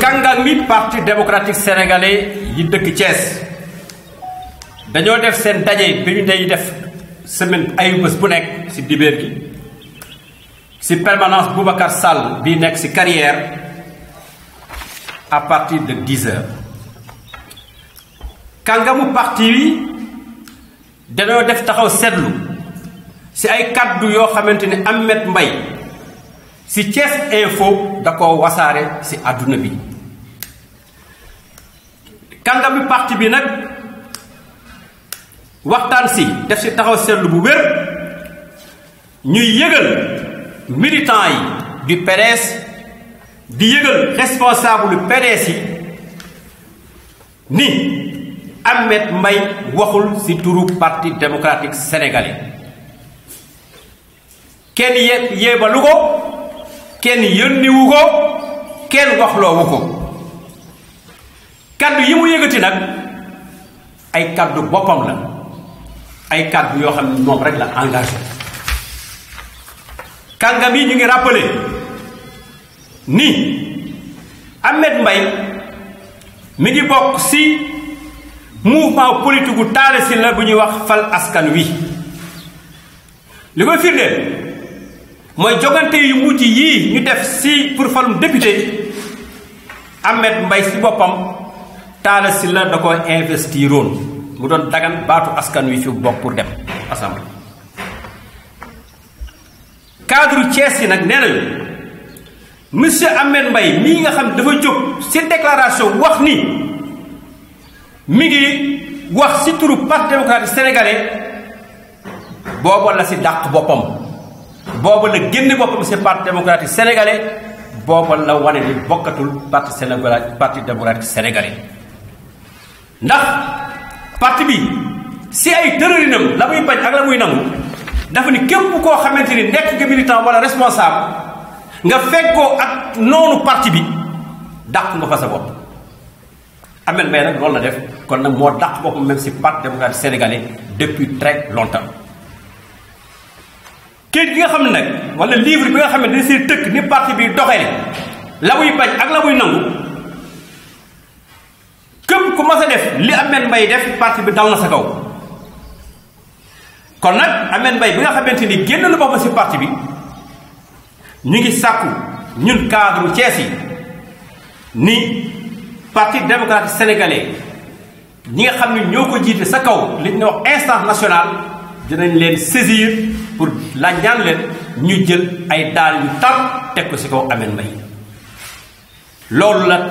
kàngam mi parti démocratique sénégalais yi dëkk Thiès dañoo def seen daje bi ñu day def semaine ayu bés bu nekk si dibéer gi si permanence Boubacar Sall bi nekk si carrière à partir de 10 heures kàngamu parti bi dañoo def taxaw seetlu si ay kaddu yoo xamante ni Ahmed Mbaye si Thiès faux, d'accord, koo wasaare si àdduna bi le parti bi nag waxtaan si def si taxaw seetlu bu wér ñuy militants du PDS di responsables responsable PDS ni Ahmed Mbaye waxul si turu parti démocratique sénégalais Quel ye le logo kenn yónniwu ko kenn waxloowu ko kaddu yi mu yëgati nag ay kaddu boppam la ay kaddu yoo xam ne moom rek la engagé kàngam yi ñu ngi rappelé ni ahmed mbay mi ngi bokk si mouvement politique taale si la bu ñuy wax fal askan wi li koy firndeel mooy jogante yu mujj yii ñu def si pour falum député Ahmed mbay si boppam Talla Sylla da ko investiroon mu doon dagan baatu askan wi fi bokk pour dem assemblée cadre Thiès yi nag nee nañu monsieur Ahmed Mbaye mii nga xam dafa jóg si déclaration wax ni mi ngi wax si turu parti démocratique sénégalais boobu la ci dàq boppam booba la génne boppam si parti démocratique sénégalais booba la wane ni bokkatul parti sénégalais parti démocratique sénégalais ndax parti bi si ay tëralinam la muy bañ ak la muy nangu dafa ni képp koo xamante ni nekk nga militant wala responsable nga fekkoo ak noonu parti bi dàq nga fa sa bopp Ahmed Mbaye nag loolu la def kon nag moo dàq boppam même si parti démocratique sénégalais depuis très longtemps këyit bi nga xam ne nag wala livre bi nga xam ne dañ siy tëkk ni parti bi doxee la muy bañ ak la muy nangu képp ku mas a def li Ahmed Mbaye def parti bi dal na sa kaw. kon nag Ahmed Mbaye bi nga xamante ni génn na boppam si parti bi ñu ngi sàkku ñun cadre cees yi ni parti démocratique sénégalais ñi nga xam ne ñoo ko jiite sa kaw li ñu wax instance nationale. dinañ leen saisir pour laajaan leen ñu jël ay daal yu tar teg ko ci kaw Ameth Mbaye loolu nag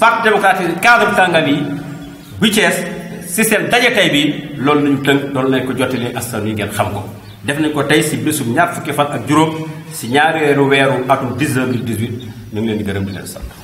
parti démocratique cadre tàngal yi bu Thiès ci seen daje tey bi loolu lañu tënk loolu lañ ko jottalee askan wi ngeen xam ko def nañ ko tey ci bésub ñaar fukki fan ak juróom ci ñaareelu weeru atum 19 18 ñu ngi leen di gërëm di leen sant